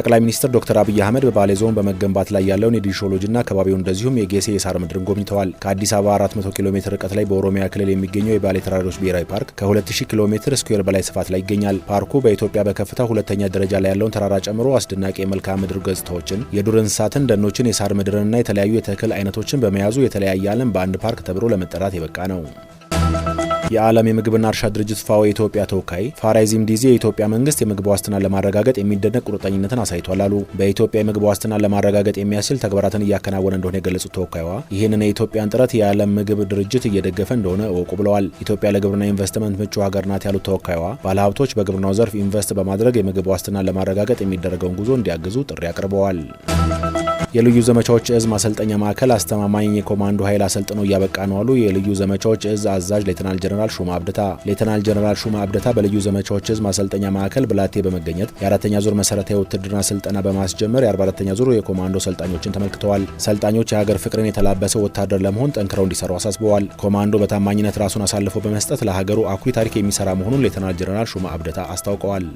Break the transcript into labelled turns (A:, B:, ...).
A: ጠቅላይ ሚኒስትር ዶክተር አብይ አህመድ በባሌ ዞን በመገንባት ላይ ያለውን የዲሾሎጂና አካባቢውን እንደዚሁም የጌሴ የሳር ምድርን ጎብኝተዋል። ከአዲስ አበባ 400 ኪሎ ሜትር ርቀት ላይ በኦሮሚያ ክልል የሚገኘው የባሌ ተራሮች ብሔራዊ ፓርክ ከ2000 ኪሎ ሜትር ስኩዌር በላይ ስፋት ላይ ይገኛል። ፓርኩ በኢትዮጵያ በከፍታ ሁለተኛ ደረጃ ላይ ያለውን ተራራ ጨምሮ አስደናቂ የመልክዓ ምድር ገጽታዎችን፣ የዱር እንስሳትን፣ ደኖችን፣ የሳር ምድርንና የተለያዩ የተክል አይነቶችን በመያዙ የተለያየ ዓለም በአንድ ፓርክ ተብሎ ለመጠራት የበቃ ነው። የዓለም የምግብና እርሻ ድርጅት ፋኦ የኢትዮጵያ ተወካይ ፋራይዚም ዲዚ የኢትዮጵያ መንግስት የምግብ ዋስትና ለማረጋገጥ የሚደነቅ ቁርጠኝነትን አሳይቷል አሉ። በኢትዮጵያ የምግብ ዋስትና ለማረጋገጥ የሚያስችል ተግባራትን እያከናወነ እንደሆነ የገለጹት ተወካይዋ ይህንን የኢትዮጵያን ጥረት የዓለም ምግብ ድርጅት እየደገፈ እንደሆነ እወቁ ብለዋል። ኢትዮጵያ ለግብርና ኢንቨስትመንት ምቹ ሀገር ናት ያሉት ተወካይዋ ባለሀብቶች በግብርናው ዘርፍ ኢንቨስት በማድረግ የምግብ ዋስትና ለማረጋገጥ የሚደረገውን ጉዞ እንዲያግዙ ጥሪ አቅርበዋል። የልዩ ዘመቻዎች እዝ ማሰልጠኛ ማዕከል አስተማማኝ የኮማንዶ ኃይል አሰልጥኖ እያበቃ ነው አሉ የልዩ ዘመቻዎች እዝ አዛዥ ሌተናል ጀነራል ሹማ አብደታ። ሌተናል ጀነራል ሹማ አብደታ በልዩ ዘመቻዎች እዝ ማሰልጠኛ ማዕከል ብላቴ በመገኘት የአራተኛ ዙር መሰረታዊ ውትድርና ስልጠና በማስጀመር የ 44 ኛ ዙር የኮማንዶ ሰልጣኞችን ተመልክተዋል። ሰልጣኞች የሀገር ፍቅርን የተላበሰው ወታደር ለመሆን ጠንክረው እንዲሰሩ አሳስበዋል። ኮማንዶ በታማኝነት ራሱን አሳልፎ በመስጠት ለሀገሩ አኩሪ ታሪክ የሚሰራ መሆኑን ሌተናል ጀነራል ሹማ አብደታ አስታውቀዋል።